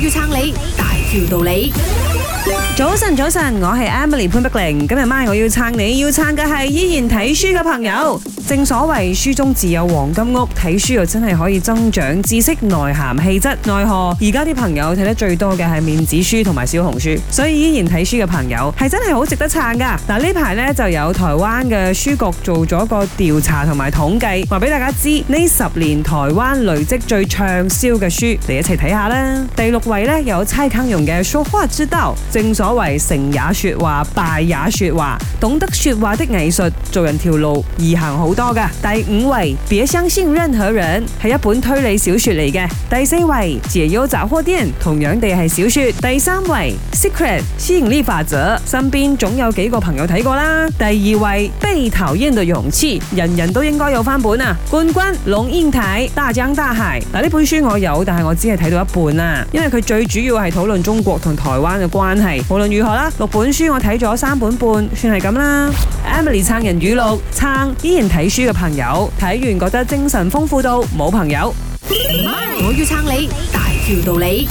要撐你，大條道理。早晨，早晨，我係 Emily 潘碧玲。今日晚我要撐你，要撐嘅係依然睇書嘅朋友。正所謂書中自有黃金屋，睇書又真係可以增長知識、內涵、氣質、奈何。而家啲朋友睇得最多嘅係面子書同埋小紅書，所以依然睇書嘅朋友係真係好值得撐噶。嗱，呢排呢就有台灣嘅書局做咗個調查同埋統計，話俾大家知呢十年台灣累積最暢銷嘅書，嚟一齊睇下啦。第六，位咧，位有蔡康永嘅《說話之道》，正所謂成也說話，敗也說話，懂得說話的藝術，做人條路易行好多噶。第五位，別相信任何人，係一本推理小說嚟嘅。第四位，解憂雜貨店，同樣地係小說。第三位，Secret 吸引力法則，身邊總有幾個朋友睇過啦。第二位，被討厭的勇氣，人人都應該有翻本啊。冠軍，龍應台，大江大海。但呢本書我有，但係我只係睇到一半啦，啊，因為佢。最主要係討論中國同台灣嘅關係。無論如何啦，六本書我睇咗三本半，算係咁啦。Emily 撐人語錄，撐依然睇書嘅朋友，睇完覺得精神豐富到冇朋友。我要撐你，大條道理。